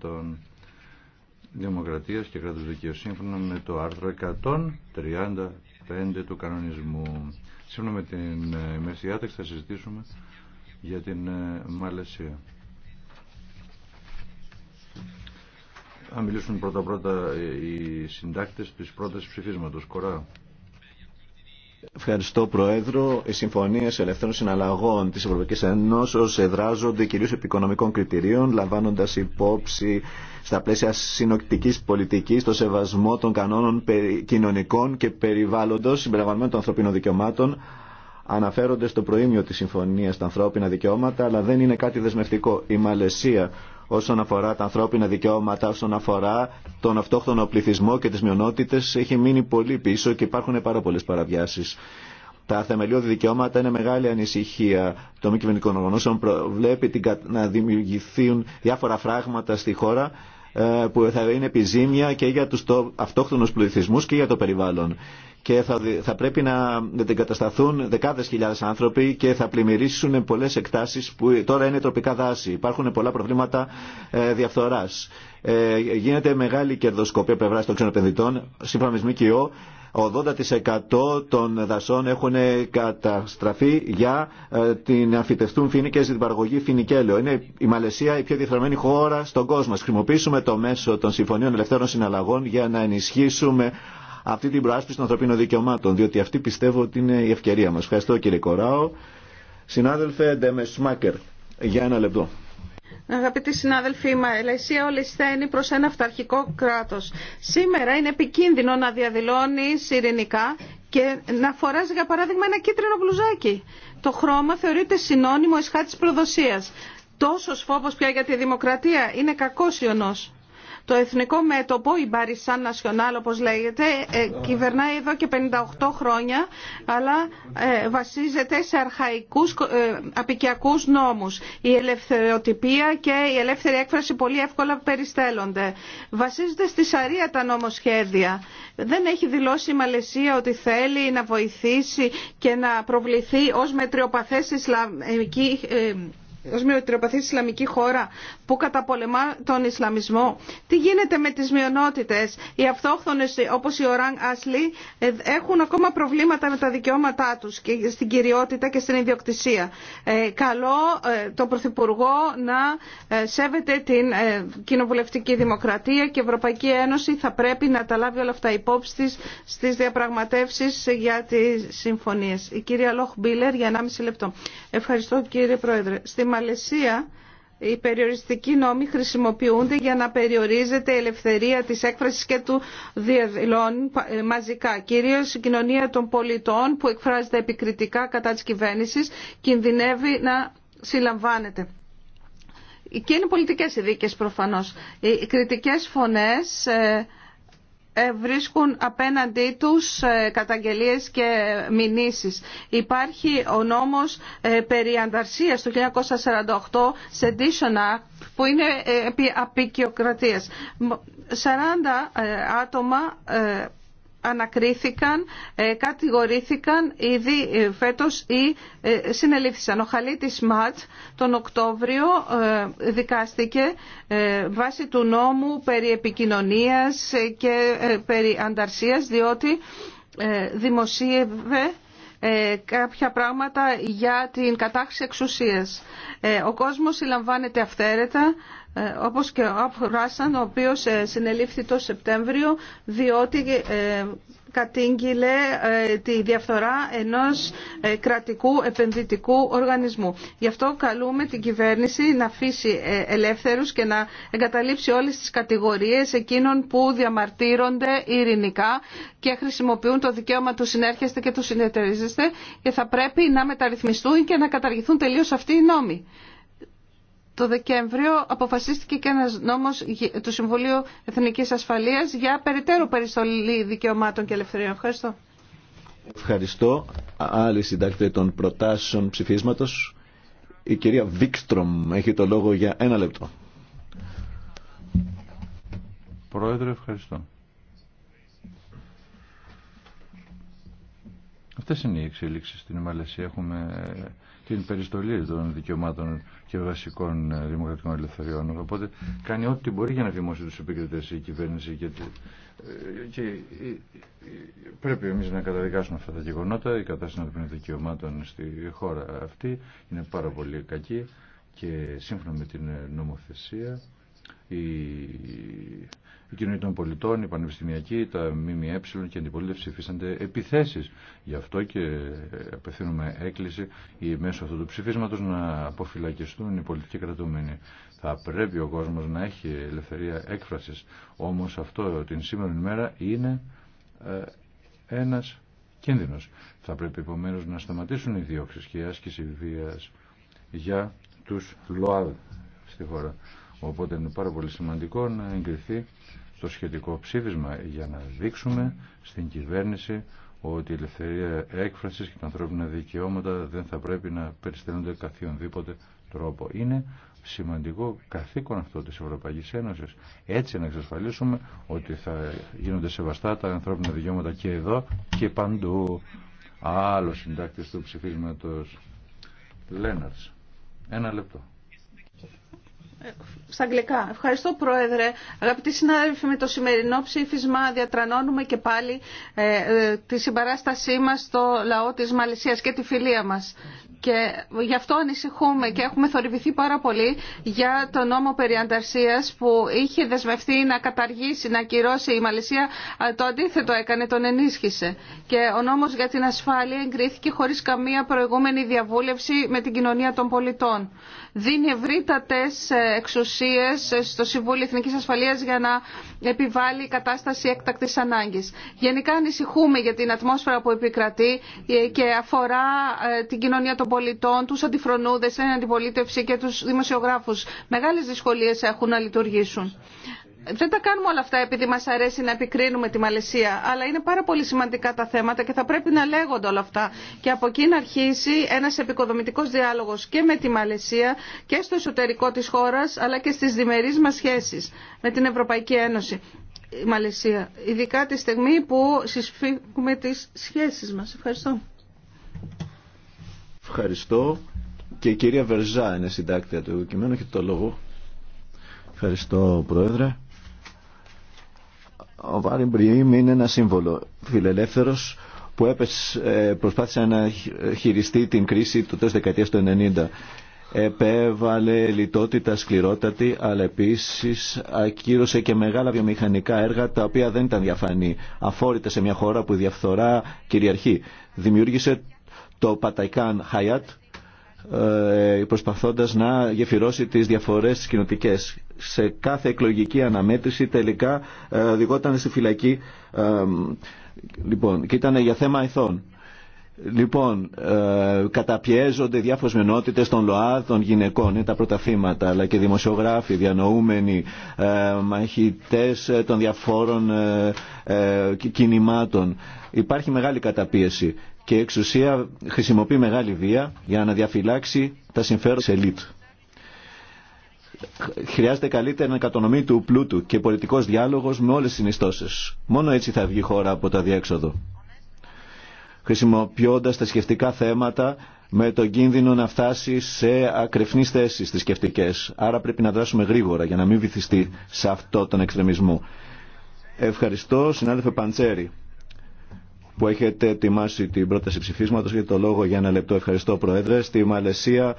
των Δημοκρατίας και κράτους δικαίου σύμφωνα με το άρθρο 135 του κανονισμού. Σύμφωνα με την ε, μέση άταξη θα συζητήσουμε για την ε, Μαλαισία. Θα μιλήσουν πρώτα-πρώτα ε, οι συντάκτες της πρώτης ψηφίσματος. Κορά. Ευχαριστώ, Προέδρο. Οι συμφωνίε ελευθέρων συναλλαγών τη Ευρωπαϊκή Ένωση εδράζονται κυρίω επί οικονομικών κριτηρίων, λαμβάνοντα υπόψη στα πλαίσια συνοκτική πολιτική το σεβασμό των κανόνων κοινωνικών και περιβάλλοντο συμπεριλαμβανομένων των ανθρωπίνων δικαιωμάτων. Αναφέρονται στο προήμιο τη Συμφωνία στα ανθρώπινα δικαιώματα, αλλά δεν είναι κάτι δεσμευτικό. Η Μαλαισία όσον αφορά τα ανθρώπινα δικαιώματα, όσον αφορά τον αυτόχθονο πληθυσμό και τις μειονότητες έχει μείνει πολύ πίσω και υπάρχουν πάρα πολλές παραβιάσεις. Τα θεμελιώδη δικαιώματα είναι μεγάλη ανησυχία των μη κυβερνικών οργανώσεων. Βλέπει την, να δημιουργηθούν διάφορα φράγματα στη χώρα ε, που θα είναι επιζήμια και για τους αυτόχθονους πληθυσμούς και για το περιβάλλον και θα, πρέπει να κατασταθούν δεκάδες χιλιάδες άνθρωποι και θα πλημμυρίσουν πολλές εκτάσεις που τώρα είναι τροπικά δάση. Υπάρχουν πολλά προβλήματα ε, διαφθοράς. Ε, γίνεται μεγάλη κερδοσκοπία πλευρά των ξενοπενδυτών. Σύμφωνα με ΜΚΟ, 80% των δασών έχουν καταστραφεί για ε, την αφιτευτούν φοινικέ, την παραγωγή φοινικέλαιο. Είναι η Μαλαισία η πιο διεφθαρμένη χώρα στον κόσμο. χρησιμοποιήσουμε το μέσο των συμφωνίων ελευθέρων συναλλαγών για να ενισχύσουμε αυτή την προάσπιση των ανθρωπίνων δικαιωμάτων, διότι αυτή πιστεύω ότι είναι η ευκαιρία μας. Ευχαριστώ κύριε Κοράο. Συνάδελφε σμάκερ, για ένα λεπτό. Αγαπητοί συνάδελφοι, η Μαλαισία ολισθαίνει προς ένα αυταρχικό κράτος. Σήμερα είναι επικίνδυνο να διαδηλώνει ειρηνικά και να φοράζει για παράδειγμα ένα κίτρινο μπλουζάκι. Το χρώμα θεωρείται συνώνυμο ισχά της προδοσίας. Τόσος φόβος πια για τη δημοκρατία είναι κακό ιονός. Το εθνικό μέτωπο, η Μπαρισάν Νασιονάλ όπως λέγεται, ε, κυβερνάει εδώ και 58 χρόνια, αλλά ε, βασίζεται σε αρχαϊκούς ε, απικιακούς νόμους. Η ελευθεροτυπία και η ελεύθερη έκφραση πολύ εύκολα περιστέλλονται. Βασίζεται στη σαρία τα νομοσχέδια. Δεν έχει δηλώσει η Μαλαισία ότι θέλει να βοηθήσει και να προβληθεί ως μετριοπαθές Ισλαμική ως μειοτροπαθή Ισλαμική χώρα που καταπολεμά τον Ισλαμισμό. Τι γίνεται με τις μειονότητες. Οι αυτόχθονες όπως η Οράν Ασλή ε, έχουν ακόμα προβλήματα με τα δικαιώματά τους και στην κυριότητα και στην ιδιοκτησία. Ε, καλό το ε, τον Πρωθυπουργό να ε, σέβεται την ε, κοινοβουλευτική δημοκρατία και η Ευρωπαϊκή Ένωση θα πρέπει να τα λάβει όλα αυτά υπόψη της στις διαπραγματεύσεις για τις συμφωνίες. Η κυρία Λόχ Μπίλερ για 1,5 λεπτό. Ευχαριστώ κύριε Πρόεδρε. Μαλαισία οι περιοριστικοί νόμοι χρησιμοποιούνται για να περιορίζεται η ελευθερία της έκφρασης και του διαδηλών μαζικά. Κυρίως η κοινωνία των πολιτών που εκφράζεται επικριτικά κατά της κυβέρνησης κινδυνεύει να συλλαμβάνεται. Και είναι πολιτικές οι προφανώς. Οι κριτικές φωνές ε, ε, βρίσκουν απέναντί τους ε, καταγγελίες και μηνύσεις. Υπάρχει ο νόμος ε, περί ανταρσίας του 1948 Sedition Act που είναι επί απεικιοκρατίας. 40 άτομα ανακρίθηκαν, ε, κατηγορήθηκαν ήδη ε, φέτος ή ε, συνελήφθησαν. Ο Χαλίτης Ματ τον Οκτώβριο δικάστηκε βάσει του νόμου περί επικοινωνίας και περί ανταρσίας διότι δημοσίευε κάποια πράγματα για την κατάχρηση εξουσίας. Ο κόσμος συλλαμβάνεται αυθαίρετα ε, όπως και ο Ράσαν, ο οποίος ε, συνελήφθη το Σεπτέμβριο διότι ε, κατήγγειλε τη διαφθορά ενός κρατικού επενδυτικού οργανισμού. Γι' αυτό καλούμε την κυβέρνηση να αφήσει ελεύθερους και να εγκαταλείψει όλες τις κατηγορίες εκείνων που διαμαρτύρονται ειρηνικά και χρησιμοποιούν το δικαίωμα του συνέρχεστε και του συνεταιρίζεστε και θα πρέπει να μεταρρυθμιστούν και να καταργηθούν τελείως αυτοί οι νόμοι. Το Δεκέμβριο αποφασίστηκε και ένας νόμος του Συμβουλίου Εθνικής Ασφαλείας για περιττέρου περιστολή δικαιωμάτων και ελευθεριών. Ευχαριστώ. Ευχαριστώ. Άλλη συντάκτη των προτάσεων ψηφίσματος. Η κυρία Βίκστρομ έχει το λόγο για ένα λεπτό. Πρόεδρε, ευχαριστώ. Αυτές είναι οι εξελίξεις στην Μαλαισία. Έχουμε ε, την περιστολή των δικαιωμάτων και βασικών ε, δημοκρατικών ελευθεριών. Οπότε κάνει ό,τι μπορεί για να δημόσει τους επικριτές η κυβέρνηση. Ε, και, και πρέπει εμείς να καταδικάσουμε αυτά τα γεγονότα. Η κατάσταση των δικαιωμάτων στη χώρα αυτή είναι πάρα πολύ κακή και σύμφωνα με την νομοθεσία η κοινωνία των πολιτών, οι πανεπιστημιακοί, τα ΜΜΕ και η αντιπολίτευση υφίστανται επιθέσεις. Γι' αυτό και απευθύνουμε έκκληση μέσω αυτού του ψηφίσματος να αποφυλακιστούν οι πολιτικοί κρατούμενοι. Θα πρέπει ο κόσμος να έχει ελευθερία έκφρασης. Όμως αυτό την σήμερα ημέρα είναι ε, ένας κίνδυνος. Θα πρέπει επομένως να σταματήσουν οι διώξεις και η άσκηση βίας για τους ΛΟΑΔ στη χώρα. Οπότε είναι πάρα πολύ σημαντικό να εγκριθεί το σχετικό ψήφισμα για να δείξουμε στην κυβέρνηση ότι η ελευθερία έκφρασης και τα ανθρώπινα δικαιώματα δεν θα πρέπει να περιστέλλονται καθιονδήποτε τρόπο. Είναι σημαντικό καθήκον αυτό της Ευρωπαϊκής Ένωσης. Έτσι να εξασφαλίσουμε ότι θα γίνονται σεβαστά τα ανθρώπινα δικαιώματα και εδώ και παντού. Άλλο συντάκτης του ψηφίσματος λέναρς. Ένα λεπτό στα αγγλικά. Ευχαριστώ Πρόεδρε. Αγαπητοί συνάδελφοι, με το σημερινό ψήφισμα διατρανώνουμε και πάλι ε, ε, τη συμπαράστασή μας στο λαό της Μαλαισίας και τη φιλία μας. Και γι' αυτό ανησυχούμε και έχουμε θορυβηθεί πάρα πολύ για το νόμο περί ανταρσίας που είχε δεσμευτεί να καταργήσει, να ακυρώσει η Μαλαισία. Το αντίθετο έκανε, τον ενίσχυσε. Και ο νόμος για την ασφάλεια εγκρίθηκε χωρίς καμία προηγούμενη διαβούλευση με την κοινωνία των πολιτών. Δίνει ευρύτατες ε, εξουσίες στο Συμβούλιο Εθνικής Ασφαλείας για να επιβάλλει κατάσταση έκτακτης ανάγκης. Γενικά ανησυχούμε για την ατμόσφαιρα που επικρατεί και αφορά ε, την κοινωνία των πολιτών, τους αντιφρονούδες την αντιπολίτευση και τους δημοσιογράφους. Μεγάλες δυσκολίες έχουν να λειτουργήσουν δεν τα κάνουμε όλα αυτά επειδή μας αρέσει να επικρίνουμε τη Μαλαισία, αλλά είναι πάρα πολύ σημαντικά τα θέματα και θα πρέπει να λέγονται όλα αυτά. Και από εκεί να αρχίσει ένας επικοδομητικός διάλογος και με τη Μαλαισία και στο εσωτερικό της χώρας, αλλά και στις διμερείς μας σχέσεις με την Ευρωπαϊκή Ένωση. Η Μαλαισία, ειδικά τη στιγμή που συσφίγουμε τις σχέσεις μας. Ευχαριστώ. Ευχαριστώ. Και η κυρία Βερζά είναι συντάκτρια του κειμένου. Έχετε το λόγο. Ευχαριστώ, Πρόεδρε. Ο Βάριν Μπριμ είναι ένα σύμβολο φιλελεύθερος που έπεσε, προσπάθησε να χειριστεί την κρίση του τέλος δεκαετία του 90. Επέβαλε λιτότητα σκληρότατη, αλλά επίσης ακύρωσε και μεγάλα βιομηχανικά έργα τα οποία δεν ήταν διαφανή. Αφόρητα σε μια χώρα που η διαφθορά κυριαρχεί. Δημιούργησε το Παταϊκάν Χαϊάτ, ε, προσπαθώντας να γεφυρώσει τις διαφορές τις κοινοτικές. Σε κάθε εκλογική αναμέτρηση τελικά ε, οδηγόταν στη φυλακή ε, λοιπόν, και ήταν για θέμα ηθών. Λοιπόν, ε, καταπιέζονται διάφορες μενότητες των ΛΟΑΔ, των γυναικών, είναι τα πρώτα αλλά και δημοσιογράφοι, διανοούμενοι, ε, μαχητές των διαφόρων κινημάτων. Υπάρχει μεγάλη καταπίεση και η εξουσία χρησιμοποιεί μεγάλη βία για να διαφυλάξει τα συμφέροντα της ελίτ. Χρειάζεται καλύτερη ανακατονομή του πλούτου και πολιτικός διάλογος με όλες τις συνιστώσεις. Μόνο έτσι θα βγει η χώρα από τα αδιέξοδο. Χρησιμοποιώντας τα σκεφτικά θέματα με τον κίνδυνο να φτάσει σε ακρεφνείς θέσεις τι σκεφτικές. Άρα πρέπει να δράσουμε γρήγορα για να μην βυθιστεί σε αυτό τον εξτρεμισμό. Ευχαριστώ, συνάδελφε Παντσέρη που έχετε ετοιμάσει την πρόταση ψηφίσματο. για το λόγο για ένα λεπτό. Ευχαριστώ Πρόεδρε. Στη Μαλαισία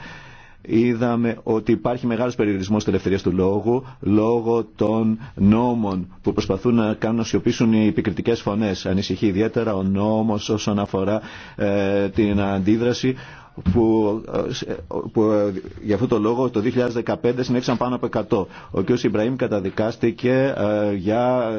είδαμε ότι υπάρχει μεγάλος περιορισμός της ελευθερίας του λόγου λόγω των νόμων που προσπαθούν να κάνουν να σιωπήσουν οι επικριτικέ φωνές. Ανησυχεί ιδιαίτερα ο νόμος όσον αφορά ε, την αντίδραση που, ε, που ε, για αυτό το λόγο το 2015 συνέχισαν πάνω από 100. Ο κ. Ιμπραήμ καταδικάστηκε ε, για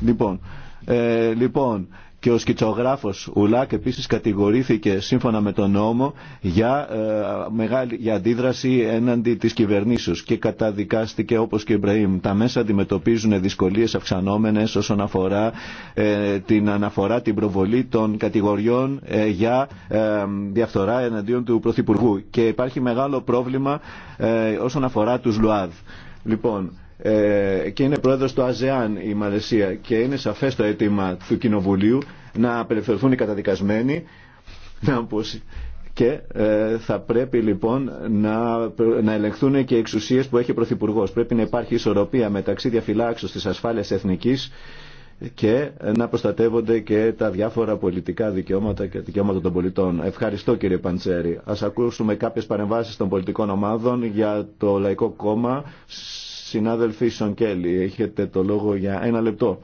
Λοιπόν, ε, λοιπόν, και ο σκητσογράφος Ουλάκ επίσης κατηγορήθηκε σύμφωνα με τον νόμο για, ε, μεγάλη, για αντίδραση έναντι της κυβερνήσεως και καταδικάστηκε όπως και η Ιμπραήμ. Τα μέσα αντιμετωπίζουν δυσκολίες αυξανόμενες όσον αφορά ε, την αναφορά, την προβολή των κατηγοριών για διαφθορά εναντίον του Πρωθυπουργού και υπάρχει μεγάλο πρόβλημα όσον αφορά τους ΛΟΑΔ. Λοιπόν, ε, και είναι πρόεδρος του ΑΖΕΑΝ η Μαλαισία και είναι σαφές το αίτημα του Κοινοβουλίου να απελευθερωθούν οι καταδικασμένοι να και ε, θα πρέπει λοιπόν να, να ελεγχθούν και οι εξουσίες που έχει ο Πρωθυπουργό. Πρέπει να υπάρχει ισορροπία μεταξύ διαφυλάξεως της ασφάλειας εθνικής και να προστατεύονται και τα διάφορα πολιτικά δικαιώματα και δικαιώματα των πολιτών. Ευχαριστώ κύριε Παντσέρη. Ας ακούσουμε κάποιες παρεμβάσεις των πολιτικών ομάδων για το Λαϊκό Κόμμα Συνάδελφοι Κέλλη, έχετε το λόγο για ένα λεπτό.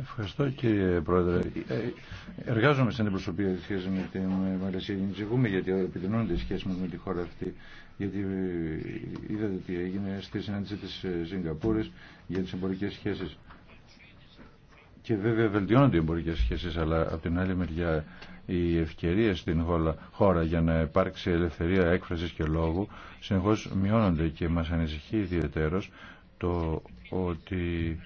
Ευχαριστώ κύριε Πρόεδρε. Ε, εργάζομαι στην προσωπία τη σχέση με την Μαλαισία και γιατί επιδεινώνεται η σχέση μα με τη χώρα αυτή. Γιατί ε, είδατε τι έγινε στη συνάντηση τη ε, Σιγκαπούρη για τι εμπορικέ σχέσει. Και βέβαια βελτιώνονται οι εμπορικέ σχέσει, αλλά από την άλλη μεριά οι ευκαιρίε στην χώρα για να υπάρξει ελευθερία έκφρασης και λόγου συνεχώς μειώνονται και μας ανησυχεί ιδιαιτέρω το ότι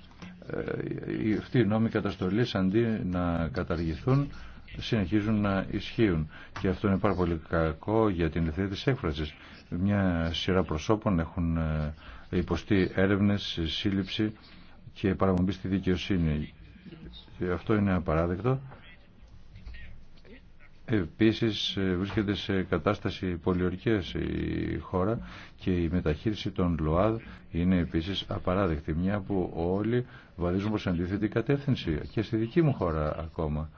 ε, αυτοί οι νόμοι καταστολή αντί να καταργηθούν συνεχίζουν να ισχύουν. Και αυτό είναι πάρα πολύ κακό για την ελευθερία της έκφρασης. Μια σειρά προσώπων έχουν ε, υποστεί έρευνες, σύλληψη και παραμονή στη δικαιοσύνη. αυτό είναι απαράδεκτο Επίσης ε, βρίσκεται σε κατάσταση πολιορκίας η χώρα και η μεταχείριση των ΛΟΑΔ είναι επίσης απαράδεκτη. Μια που όλοι βαδίζουν προς αντίθετη κατεύθυνση και στη δική μου χώρα ακόμα.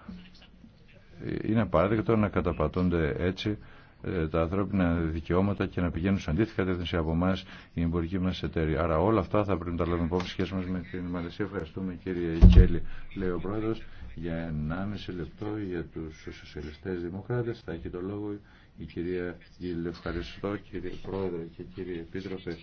Ε, είναι απαράδεκτο να καταπατώνται έτσι ε, τα ανθρώπινα δικαιώματα και να πηγαίνουν σε αντίθετη κατεύθυνση από εμά οι εμπορικοί μα εταιρεία. Άρα όλα αυτά θα πρέπει να τα λάβουμε υπόψη σχέση μα με την Μαλαισία. Ευχαριστούμε κύριε Κέλλη, λέει ο πρόεδρο, για 1,5 λεπτό για του σοσιαλιστέ δημοκράτε. Θα έχει το λόγο η κυρία Γκίλ. Ευχαριστώ κύριε πρόεδρε και κύριε επίτροπε.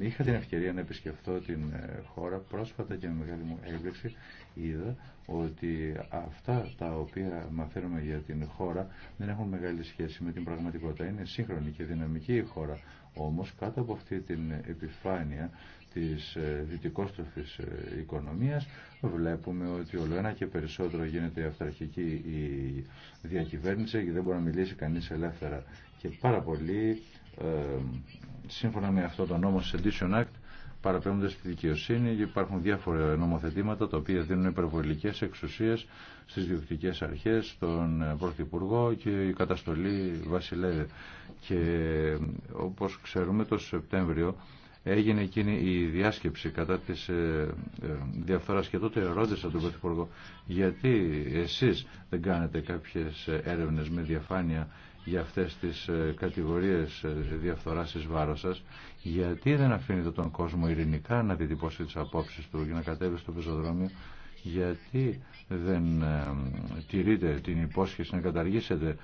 Είχα την ευκαιρία να επισκεφθώ την ε, χώρα πρόσφατα και με μεγάλη μου έκπληξη είδα ότι αυτά τα οποία μαθαίνουμε για την χώρα δεν έχουν μεγάλη σχέση με την πραγματικότητα. Είναι σύγχρονη και δυναμική η χώρα. Όμως κάτω από αυτή την επιφάνεια της ε, δυτικόστροφης ε, οικονομίας βλέπουμε ότι όλο ένα και περισσότερο γίνεται αυταρχική η διακυβέρνηση και δεν μπορεί να μιλήσει κανείς ελεύθερα. Και πάρα πολλοί ε, σύμφωνα με αυτό το νόμο Sedition Act παραπέμπονται στη δικαιοσύνη και υπάρχουν διάφορα νομοθετήματα τα οποία δίνουν υπερβολικές εξουσίες στις διοικητικές αρχές, στον ε, Πρωθυπουργό και η καταστολή βασιλεύει. Και ε, όπως ξέρουμε το Σεπτέμβριο έγινε εκείνη η διάσκεψη κατά της ε, διαφθοράς και τότε ρώτησα τον Πρωθυπουργό γιατί εσείς δεν κάνετε κάποιες έρευνες με διαφάνεια για αυτές τις ε, κατηγορίες ε, διαφθοράς εις βάρος σας, γιατί δεν αφήνετε τον κόσμο ειρηνικά να διτυπώσει τις απόψεις του και να κατέβει στο πεζοδρόμιο, γιατί δεν ε, τηρείτε την υπόσχεση να καταργήσετε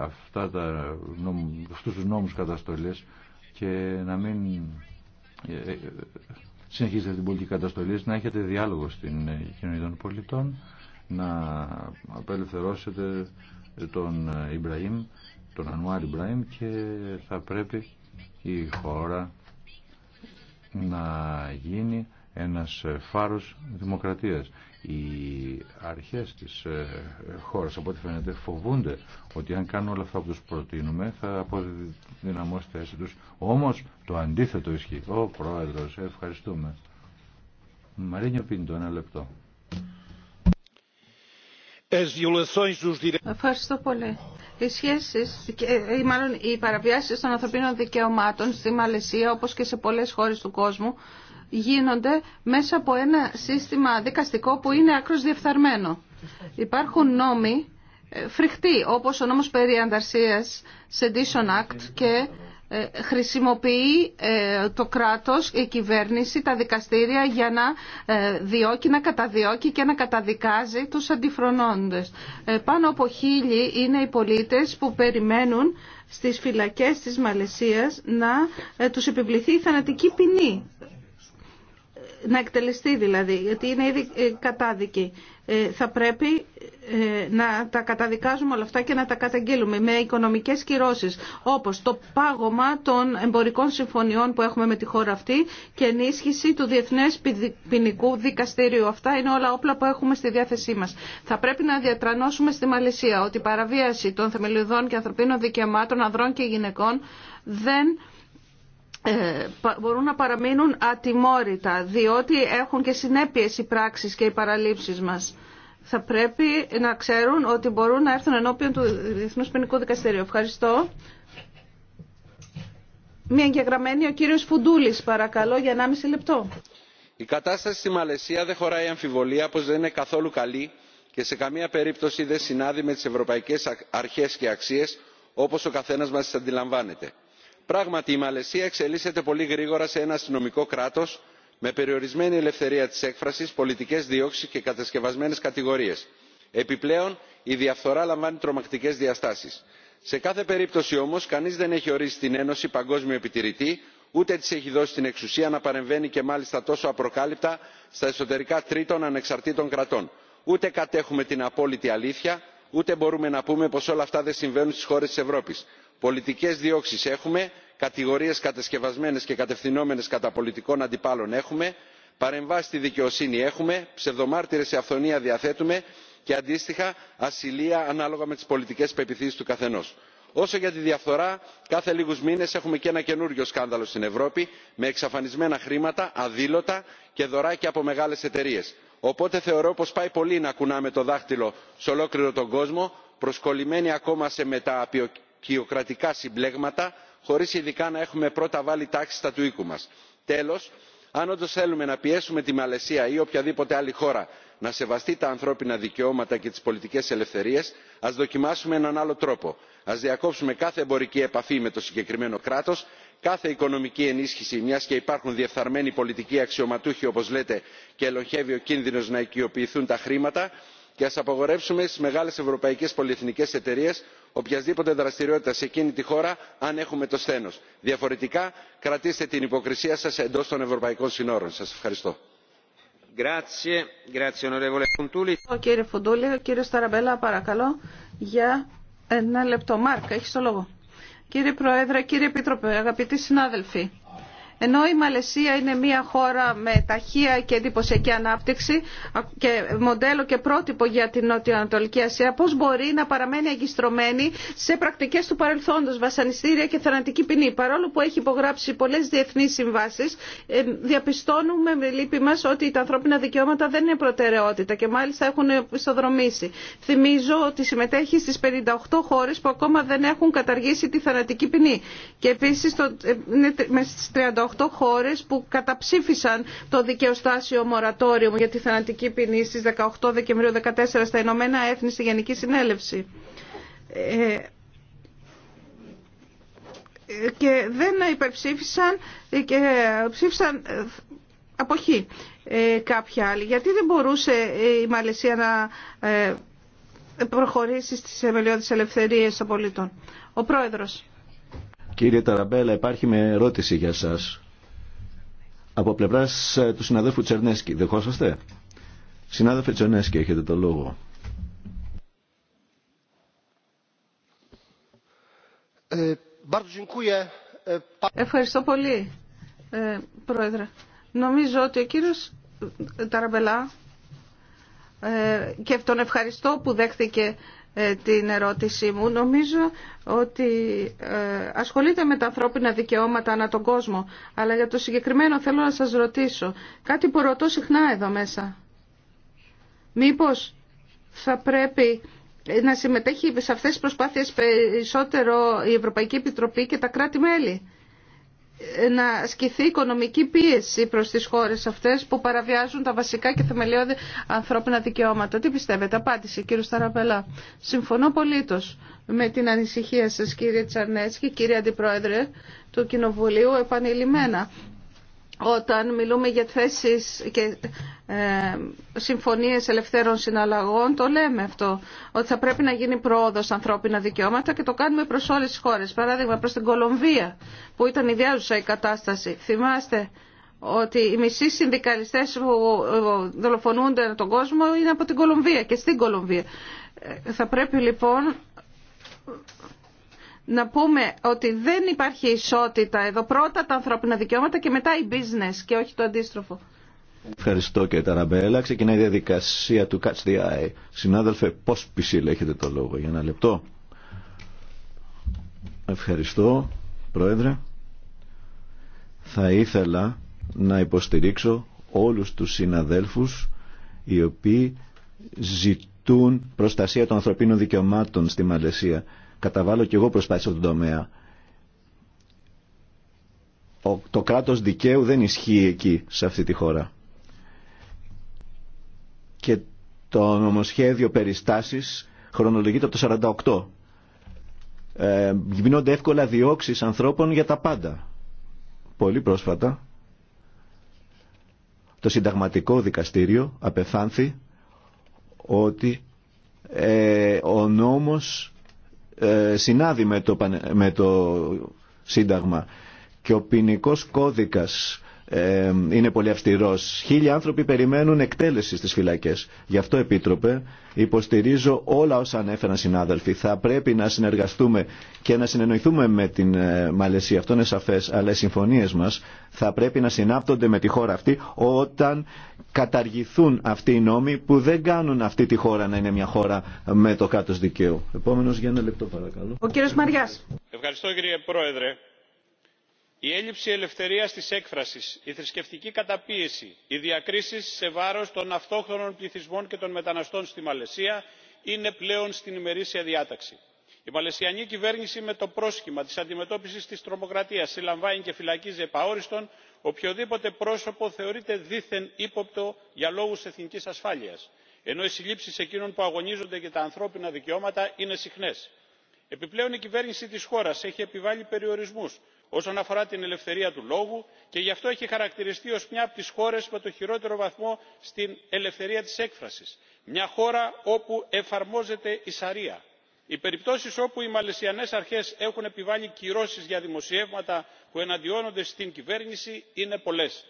αυτά τα, αυτούς τους νόμους καταστολής και να μην συνεχίσετε την πολιτική καταστολή, να έχετε διάλογο στην κοινωνία των πολιτών, να απελευθερώσετε τον ε, Ιμπραήμ, τον Ανουάρ Ιμπραήμ και θα πρέπει η χώρα να γίνει ένας ε, φάρος δημοκρατίας. Οι αρχές της ε, χώρας, από ό,τι φαίνεται, φοβούνται ότι αν κάνουν όλα αυτά που τους προτείνουμε θα αποδυναμώσει θέση τους. Όμως το αντίθετο ισχύει. Ο Πρόεδρος, ευχαριστούμε. Μαρίνιο Πίντο, ένα λεπτό. Ευχαριστώ πολύ. Οι σχέσεις, ε, ή μάλλον οι παραβιάσεις των ανθρωπίνων δικαιωμάτων στη Μαλαισία όπω και σε πολλέ χώρε του κόσμου γίνονται μέσα από ένα σύστημα δικαστικό που είναι άκρως διεφθαρμένο. Υπάρχουν νόμοι ε, φρικτοί όπως ο νόμος περί ανταρσίας Sedition Act και ε, χρησιμοποιεί ε, το κράτος, η κυβέρνηση, τα δικαστήρια για να ε, διώκει, να καταδιώκει και να καταδικάζει τους αντιφρονώντες. Πάνω από χίλιοι είναι οι πολίτες που περιμένουν στις φυλακές της Μαλαισίας να τους επιβληθεί η θανατική ποινή. Να εκτελεστεί δηλαδή, γιατί είναι ήδη κατάδικη. Θα πρέπει ε, να τα καταδικάζουμε όλα αυτά και να τα καταγγείλουμε με οικονομικές κυρώσεις όπως το πάγωμα των εμπορικών συμφωνιών που έχουμε με τη χώρα αυτή και ενίσχυση του Διεθνές Ποινικού Δικαστηρίου. Αυτά είναι όλα όπλα που έχουμε στη διάθεσή μας. Θα πρέπει να διατρανώσουμε στη Μαλαισία ότι η παραβίαση των θεμελιωδών και ανθρωπίνων δικαιωμάτων ανδρών και γυναικών δεν ε, μπορούν να παραμείνουν ατιμόρυτα διότι έχουν και συνέπειες οι πράξεις και οι παραλήψεις μας θα πρέπει να ξέρουν ότι μπορούν να έρθουν ενώπιον του διεθνού Ποινικού Δικαστηρίου. Ευχαριστώ. Μία εγγεγραμμένη ο κύριος Φουντούλης, παρακαλώ, για 1,5 λεπτό. Η κατάσταση στη Μαλαισία δεν χωράει αμφιβολία πως δεν είναι καθόλου καλή και σε καμία περίπτωση δεν συνάδει με τις ευρωπαϊκές αρχές και αξίες όπως ο καθένας μας τις αντιλαμβάνεται. Πράγματι η Μαλαισία εξελίσσεται πολύ γρήγορα σε ένα αστυνομικό κράτος με περιορισμένη ελευθερία της έκφρασης πολιτικές διώξεις και κατασκευασμένες κατηγορίες. επιπλέον η διαφθορά λαμβάνει τρομακτικές διαστάσεις. σε κάθε περίπτωση όμως κανείς δεν έχει ορίσει την ένωση παγκόσμιο επιτηρητή ούτε της έχει δώσει την εξουσία να παρεμβαίνει και μάλιστα τόσο απροκάλυπτα στα εσωτερικά τρίτων ανεξαρτήτων κρατών. ούτε κατέχουμε την απόλυτη αλήθεια ούτε μπορούμε να πούμε πως όλα αυτά δεν συμβαίνουν στις χώρες της ευρώπης πολιτικές διώξεις έχουμε κατηγορίες κατασκευασμένες και κατευθυνόμενες κατά πολιτικών αντιπάλων έχουμε παρεμβάσεις στη δικαιοσύνη έχουμε ψευδομάρτυρες σε αυθονία διαθέτουμε και αντίστοιχα ασυλία ανάλογα με τις πολιτικές πεποιθήσεις του καθενός. όσο για τη διαφθορά κάθε λίγους μήνες έχουμε και ένα καινούριο σκάνδαλο στην ευρώπη με εξαφανισμένα χρήματα αδήλωτα και δωράκια από μεγάλες εταιρείες. οπότε θεωρώ πως πάει πολύ να κουνάμε το δάχτυλο σε ολόκληρο τον κόσμο προσκολλημένοι ακόμα σε κοιοκρατικά συμπλέγματα χωρίς ειδικά να έχουμε πρώτα βάλει τάξη στα του οίκου μας. τέλος αν όντως θέλουμε να πιέσουμε τη μαλαισία ή οποιαδήποτε άλλη χώρα να σεβαστεί τα ανθρώπινα δικαιώματα και τις πολιτικές ελευθερίες ας δοκιμάσουμε έναν άλλο τρόπο ας διακόψουμε κάθε εμπορική επαφή με το συγκεκριμένο κράτος κάθε οικονομική ενίσχυση μιας και υπάρχουν διεφθαρμένοι πολιτικοί αξιωματούχοι όπως λέτε και ελοχεύει ο κίνδυνος να οικειοποιηθούν τα χρήματα και ας απαγορεύσουμε στις μεγάλες ευρωπαϊκές πολυεθνικές εταιρείες οποιασδήποτε δραστηριότητα σε εκείνη τη χώρα αν έχουμε το σθένος. διαφορετικά κρατήστε την υποκρισία σας εντός των ευρωπαϊκών συνόρων. σας ευχαριστώ. κύριε Φουντούλη, κύριε Σταραμπέλα, παρακαλώ, για ένα λεπτό. Μάρκα, έχεις το λόγο. Κύριε Πρόεδρε, κύριε Επίτροπε, αγαπητοί συνάδελφοι, ενώ η Μαλαισία είναι μια χώρα με ταχεία και εντυπωσιακή ανάπτυξη και μοντέλο και πρότυπο για την νοτιοανατολική ανατολικη Ασία, πώ μπορεί να παραμένει αγκιστρωμένη σε πρακτικέ του παρελθόντο, βασανιστήρια και θανατική ποινή. Παρόλο που έχει υπογράψει πολλέ διεθνεί συμβάσει, ε, διαπιστώνουμε με λύπη μα ότι τα ανθρώπινα δικαιώματα δεν είναι προτεραιότητα και μάλιστα έχουν πιστοδρομήσει. Θυμίζω ότι συμμετέχει στι 58 χώρε που ακόμα δεν έχουν καταργήσει τη θανατική ποινή. Και επίση ε, με 18 χώρες που καταψήφισαν το δικαιοστάσιο μορατόριο για τη θανατική ποινή στις 18 Δεκεμβρίου 2014 στα Ηνωμένα Έθνη στη Γενική Συνέλευση. Ε, ε, και δεν υπερψήφισαν ε, και ψήφισαν αποχή κάποια άλλη. Γιατί δεν μπορούσε η Μαλαισία να προχωρήσει στις εμελιώδεις ελευθερίες των πολίτων. Ο πρόεδρος. Κύριε Ταραμπέλα, υπάρχει με ερώτηση για σας. Από πλευράς ε, του συναδέλφου Τσερνέσκη, δεχόσαστε. Συνάδελφε Τσερνέσκη, έχετε το λόγο. Ευχαριστώ πολύ, ε, Πρόεδρε. Νομίζω ότι ο κύριος Ταραμπελά και τον ευχαριστώ που δέχθηκε ε, την ερώτησή μου. Νομίζω ότι ε, ασχολείται με τα ανθρώπινα δικαιώματα ανά τον κόσμο. Αλλά για το συγκεκριμένο θέλω να σας ρωτήσω. Κάτι που ρωτώ συχνά εδώ μέσα. Μήπως θα πρέπει να συμμετέχει σε αυτές τις προσπάθειες περισσότερο η Ευρωπαϊκή Επιτροπή και τα κράτη-μέλη να ασκηθεί οικονομική πίεση προς τις χώρες αυτές που παραβιάζουν τα βασικά και θεμελιώδη ανθρώπινα δικαιώματα. Τι πιστεύετε, απάντησε κύριο Σταραπελά. Συμφωνώ πολύτως με την ανησυχία σας κύριε Τσαρνέσκη, κύριε Αντιπρόεδρε του Κοινοβουλίου επανειλημμένα όταν μιλούμε για θέσεις και ε, συμφωνίες ελευθέρων συναλλαγών, το λέμε αυτό, ότι θα πρέπει να γίνει πρόοδος ανθρώπινα δικαιώματα και το κάνουμε προς όλες τις χώρες. Παράδειγμα προς την Κολομβία, που ήταν ιδιάζουσα η κατάσταση. Θυμάστε ότι οι μισοί συνδικαλιστές που ε, δολοφονούνται τον κόσμο είναι από την Κολομβία και στην Κολομβία. Ε, θα πρέπει λοιπόν να πούμε ότι δεν υπάρχει ισότητα εδώ. Πρώτα τα ανθρώπινα δικαιώματα και μετά η business και όχι το αντίστροφο. Ευχαριστώ και Ταραμπέλα. Ξεκινάει η διαδικασία του Catch the Eye. Συνάδελφε, πώς πισήλ έχετε το λόγο για ένα λεπτό. Ευχαριστώ, Πρόεδρε. Θα ήθελα να υποστηρίξω όλους τους συναδέλφους οι οποίοι ζητούν προστασία των ανθρωπίνων δικαιωμάτων στη Μαλαισία καταβάλω και εγώ προσπάθεια τον τομέα. το κράτος δικαίου δεν ισχύει εκεί, σε αυτή τη χώρα. Και το νομοσχέδιο περιστάσεις χρονολογείται από το 48. Ε, γυμνώνται εύκολα διώξεις ανθρώπων για τα πάντα. Πολύ πρόσφατα το συνταγματικό δικαστήριο απεφάνθη ότι ε, ο νόμος ε, συνάδει με το, με το Σύνταγμα και ο ποινικό κώδικας ε, είναι πολύ αυστηρός. Χίλιοι άνθρωποι περιμένουν εκτέλεση στι φυλακέ. Γι' αυτό, Επίτροπε, υποστηρίζω όλα όσα ανέφεραν συνάδελφοι. Θα πρέπει να συνεργαστούμε και να συνεννοηθούμε με την ε, Μαλαισία. Αυτό είναι σαφέ, Αλλά οι συμφωνίε μα θα πρέπει να συνάπτονται με τη χώρα αυτή όταν καταργηθούν αυτοί οι νόμοι που δεν κάνουν αυτή τη χώρα να είναι μια χώρα με το κάτω δικαίου. Επόμενο για ένα λεπτό παρακαλώ. Ο κύριος Μαριάς. Ευχαριστώ κύριε Πρόεδρε η έλλειψη ελευθερίας της έκφρασης η θρησκευτική καταπίεση οι διακρίσεις σε βάρος των αυτόχθονων πληθυσμών και των μεταναστών στη μαλαισία είναι πλέον στην ημερήσια διάταξη. η μαλαισιανή κυβέρνηση με το πρόσχημα της αντιμετώπισης της τρομοκρατίας συλλαμβάνει και φυλακίζει επαόριστον οποιοδήποτε πρόσωπο θεωρείται δίθεν ύποπτο για λόγους εθνικής ασφάλειας ενώ οι συλλήψεις εκείνων που αγωνίζονται για τα ανθρώπινα δικαιώματα είναι συχνές. επιπλέον η κυβέρνηση της χώρας έχει επιβάλει περιορισμούς όσον αφορά την ελευθερία του λόγου και γι' αυτό έχει χαρακτηριστεί ως μια από τις χώρες με το χειρότερο βαθμό στην ελευθερία της έκφρασης μια χώρα όπου εφαρμόζεται η σαρία. οι περιπτώσεις όπου οι μαλαισιανές αρχές έχουν επιβάλει κυρώσεις για δημοσιεύματα που εναντιώνονται στην κυβέρνηση είναι πολλές.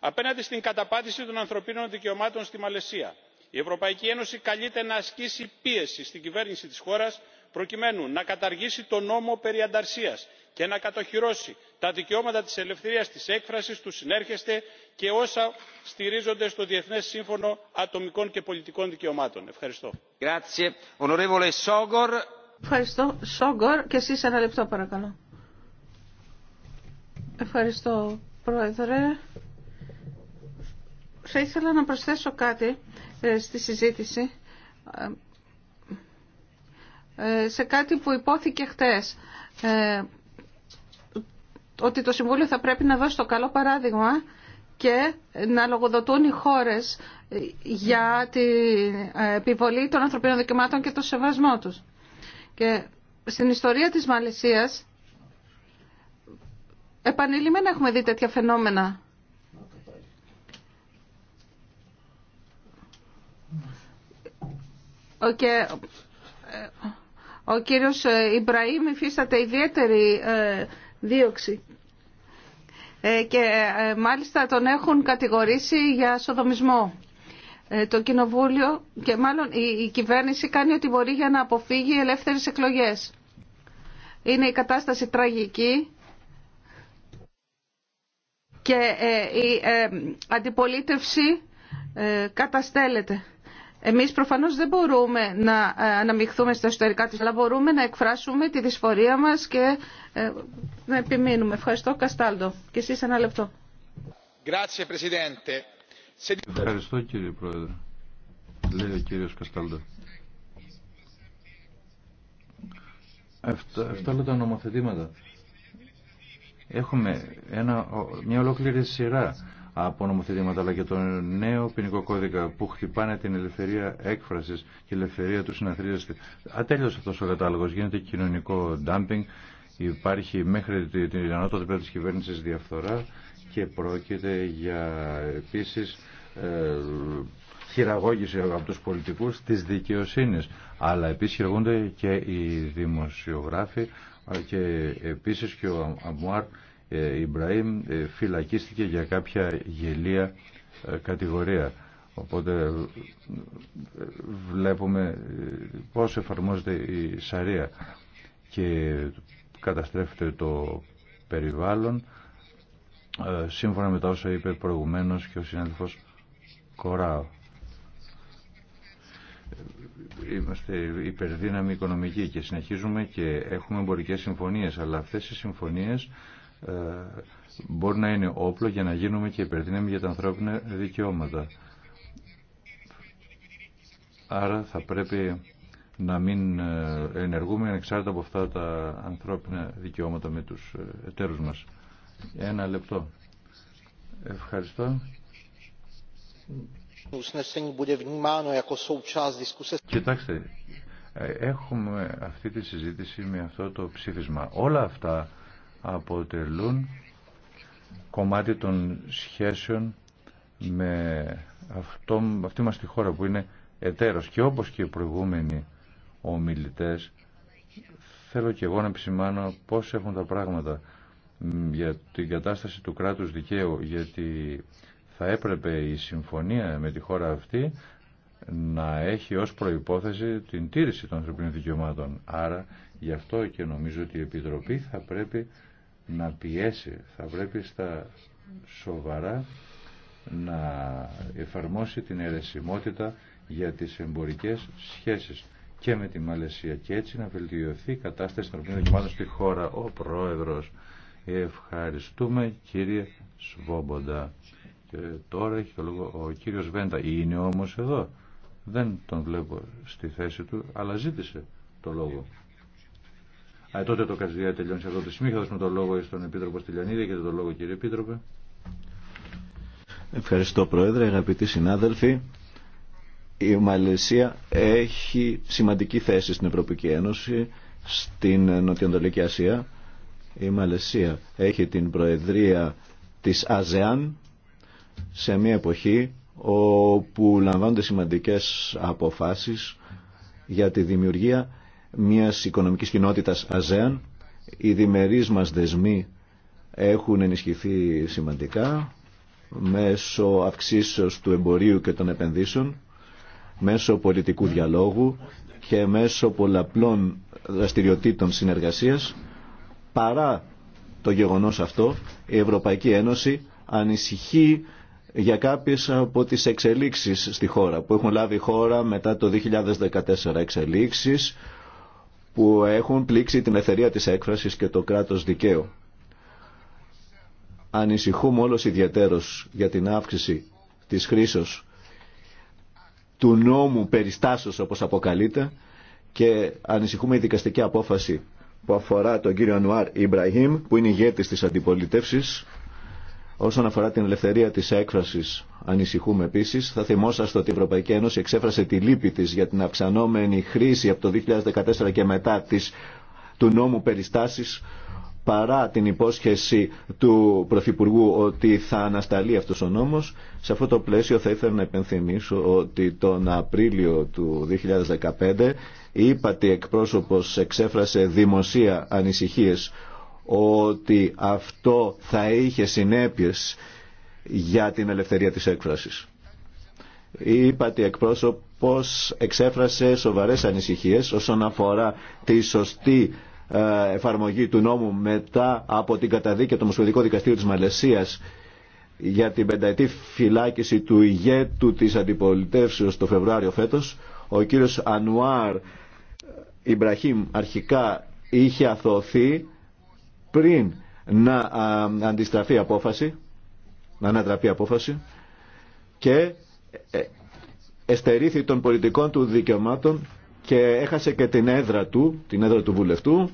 απέναντι στην καταπάτηση των ανθρωπίνων δικαιωμάτων στη μαλαισία η ευρωπαϊκή ένωση καλείται να ασκήσει πίεση στην κυβέρνηση της χώρας προκειμένου να καταργήσει τον νόμο περί ανταρσίας και να κατοχυρώσει τα δικαιώματα της ελευθερίας της έκφρασης του συνέρχεστε και όσα στηρίζονται στο διεθνές σύμφωνο ατομικών και πολιτικών δικαιωμάτων. Ευχαριστώ. Ευχαριστώ. Σόγκορ και εσείς ένα λεπτό παρακαλώ. Ευχαριστώ Πρόεδρε. Θα ήθελα να προσθέσω κάτι ε, στη συζήτηση ε, ε, σε κάτι που υπόθηκε χτες ότι το Συμβούλιο θα πρέπει να δώσει το καλό παράδειγμα και να λογοδοτούν οι χώρες για την επιβολή των ανθρωπίνων δικαιωμάτων και το σεβασμό τους. Και στην ιστορία της Μαλαισίας επανειλημμένα έχουμε δει τέτοια φαινόμενα. Ε, ο κύριος Ιμπραήμ υφίσταται ιδιαίτερη ε, δίωξη. Ε, και ε, μάλιστα τον έχουν κατηγορήσει για σοδομισμό. Ε, το κοινοβούλιο και μάλλον η κυβέρνηση κάνει ό,τι μπορεί για να αποφύγει ελεύθερες εκλογές. Είναι η κατάσταση τραγική και η αντιπολίτευση καταστέλλεται. Εμείς προφανώς δεν μπορούμε να ε, αναμειχθούμε στα εσωτερικά της, αλλά μπορούμε να εκφράσουμε τη δυσφορία μας και ε, να επιμείνουμε. Ευχαριστώ, Καστάλτο. Και εσείς ένα λεπτό. Ευχαριστώ, κύριε Πρόεδρε. Λέει ο κύριος Καστάλτο. Αυτά, αυτά όλα τα νομοθετήματα. Έχουμε ένα, μια ολόκληρη σειρά από νομοθετήματα αλλά και τον νέο ποινικό κώδικα που χτυπάνε την ελευθερία έκφρασης και ελευθερία του συναθρίζεστη. Ατέλειωσε αυτός ο κατάλογο γίνεται κοινωνικό ντάμπινγκ. υπάρχει μέχρι την ανώτατη πέρα της κυβέρνησης διαφθορά και πρόκειται για επίσης ε, χειραγώγηση από τους πολιτικούς της δικαιοσύνη. Αλλά επίση χειραγούνται και οι δημοσιογράφοι ε, και επίση και ο Αμουάρ ε, Ιμπραήμ ε, φυλακίστηκε για κάποια γελία ε, κατηγορία. Οπότε βλέπουμε πώς εφαρμόζεται η Σαρία και καταστρέφεται το περιβάλλον σύμφωνα με τα όσα είπε προηγουμένως και ο συνάδελφος Κοράου. Είμαστε υπερδύναμοι οικονομική και συνεχίζουμε και έχουμε εμπορικές συμφωνίες αλλά αυτές οι συμφωνίες ε, μπορεί να είναι όπλο για να γίνουμε και υπερδύναμοι για τα ανθρώπινα δικαιώματα. Άρα θα πρέπει να μην ε, ενεργούμε ανεξάρτητα από αυτά τα ανθρώπινα δικαιώματα με τους ε, εταίρους μας. Ένα λεπτό. Ευχαριστώ. Κοιτάξτε, έχουμε αυτή τη συζήτηση με αυτό το ψήφισμα. Όλα αυτά αποτελούν κομμάτι των σχέσεων με αυτό, αυτή μας τη χώρα που είναι εταίρος και όπως και οι προηγούμενοι ομιλητές θέλω και εγώ να επισημάνω πώς έχουν τα πράγματα για την κατάσταση του κράτους δικαίου γιατί θα έπρεπε η συμφωνία με τη χώρα αυτή να έχει ως προϋπόθεση την τήρηση των ανθρωπίνων δικαιωμάτων. Άρα γι' αυτό και νομίζω ότι η Επιτροπή θα πρέπει να πιέσει, θα πρέπει στα σοβαρά να εφαρμόσει την αιρεσιμότητα για τις εμπορικές σχέσεις και με τη Μαλαισία και έτσι να βελτιωθεί η κατάσταση των δικαιωμάτων στη χώρα. Ο Πρόεδρος, ευχαριστούμε κύριε Σβόμποντα. Και τώρα έχει το λόγο ο κύριος Βέντα. Είναι όμως εδώ. Δεν τον βλέπω στη θέση του, αλλά ζήτησε το λόγο. Α, τότε το Καζιδιά τελειώνει σε αυτό το σημείο. Θα δώσουμε το λόγο στον Επίτροπο Στυλιανίδη και το λόγο κύριε Επίτροπε. Ευχαριστώ Πρόεδρε, αγαπητοί συνάδελφοι. Η Μαλαισία έχει σημαντική θέση στην Ευρωπαϊκή Ένωση, στην Νοτιοανατολική Ασία. Η Μαλαισία έχει την Προεδρία της ΑΖΕΑΝ σε μια εποχή όπου λαμβάνονται σημαντικές αποφάσεις για τη δημιουργία μιας οικονομικής κοινότητας ΑΖΕΑΝ. Οι διμερείς μας δεσμοί έχουν ενισχυθεί σημαντικά μέσω αυξήσεως του εμπορίου και των επενδύσεων, μέσω πολιτικού διαλόγου και μέσω πολλαπλών δραστηριοτήτων συνεργασίας. Παρά το γεγονός αυτό, η Ευρωπαϊκή Ένωση ανησυχεί για κάποιες από τις εξελίξεις στη χώρα που έχουν λάβει η χώρα μετά το 2014 εξελίξεις που έχουν πλήξει την ελευθερία της έκφρασης και το κράτος δικαίου. Ανησυχούμε όλος ιδιαίτερος για την αύξηση της χρήσης του νόμου περιστάσεως όπως αποκαλείται και ανησυχούμε η δικαστική απόφαση που αφορά τον κύριο Ανουάρ Ιμπραχήμ που είναι ηγέτης της αντιπολιτεύσης Όσον αφορά την ελευθερία της έκφρασης, ανησυχούμε επίσης. Θα θυμόσαστε ότι η Ευρωπαϊκή Ένωση εξέφρασε τη λύπη της για την αυξανόμενη χρήση από το 2014 και μετά της, του νόμου περιστάσεις παρά την υπόσχεση του Πρωθυπουργού ότι θα ανασταλεί αυτός ο νόμος. Σε αυτό το πλαίσιο θα ήθελα να επενθυμίσω ότι τον Απρίλιο του 2015 η ύπατη εκπρόσωπος εξέφρασε δημοσία ανησυχίες ότι αυτό θα είχε συνέπειες για την ελευθερία της έκφρασης. Η ότι εκπρόσωπος εξέφρασε σοβαρές ανησυχίες όσον αφορά τη σωστή ε, εφαρμογή του νόμου μετά από την καταδίκη του Μοσχοδικού Δικαστήριου της Μαλαισίας για την πενταετή φυλάκιση του ηγέτου της αντιπολιτεύσεως το Φεβρουάριο φέτος. Ο κύριος Ανουάρ Ιμπραχήμ αρχικά είχε αθωθεί πριν να αντιστραφεί απόφαση, να ανατραπεί απόφαση και ε, εστερήθη των πολιτικών του δικαιωμάτων και έχασε και την έδρα του, την έδρα του βουλευτού.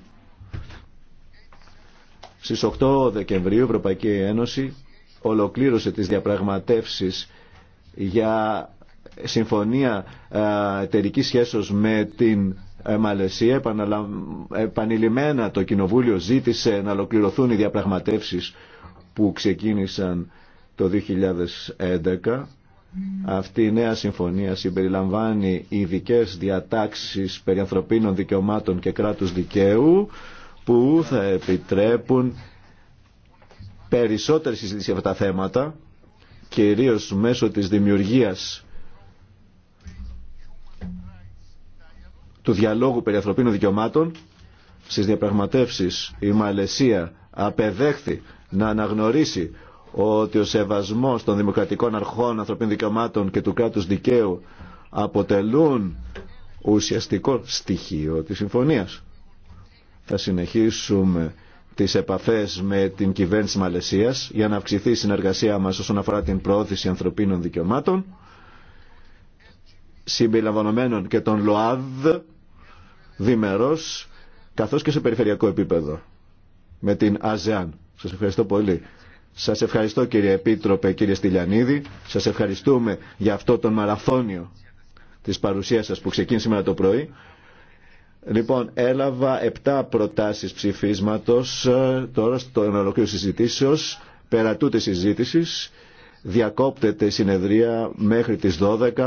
Στις 8 Δεκεμβρίου η Ευρωπαϊκή Ένωση ολοκλήρωσε τις διαπραγματεύσεις για συμφωνία ε, εταιρική σχέσεως με την Μαλαισία. Επανειλημμένα το Κοινοβούλιο ζήτησε να ολοκληρωθούν οι διαπραγματεύσεις που ξεκίνησαν το 2011. Αυτή η νέα συμφωνία συμπεριλαμβάνει ειδικέ διατάξεις περί ανθρωπίνων δικαιωμάτων και κράτους δικαίου που θα επιτρέπουν περισσότερη συζήτηση αυτά τα θέματα κυρίως μέσω της δημιουργίας του διαλόγου περί ανθρωπίνων δικαιωμάτων. Στις διαπραγματεύσεις η Μαλαισία απεδέχθη να αναγνωρίσει ότι ο σεβασμός των δημοκρατικών αρχών ανθρωπίνων δικαιωμάτων και του κράτους δικαίου αποτελούν ουσιαστικό στοιχείο της συμφωνίας. Θα συνεχίσουμε τις επαφές με την κυβέρνηση Μαλαισίας για να αυξηθεί η συνεργασία μας όσον αφορά την προώθηση ανθρωπίνων δικαιωμάτων συμπεριλαμβανομένων και των ΛΟΑΔ διμερός καθώς και σε περιφερειακό επίπεδο με την ΑΖΕΑΝ. Σας ευχαριστώ πολύ. Σας ευχαριστώ κύριε Επίτροπε, κύριε Στυλιανίδη. Σας ευχαριστούμε για αυτό το μαραθώνιο της παρουσίας σας που ξεκίνησε σήμερα το πρωί. Λοιπόν, έλαβα 7 προτάσεις ψηφίσματος τώρα στο ολοκλήρωση συζητήσεως, πέρα συζήτησης. Διακόπτεται η συνεδρία μέχρι τις 12.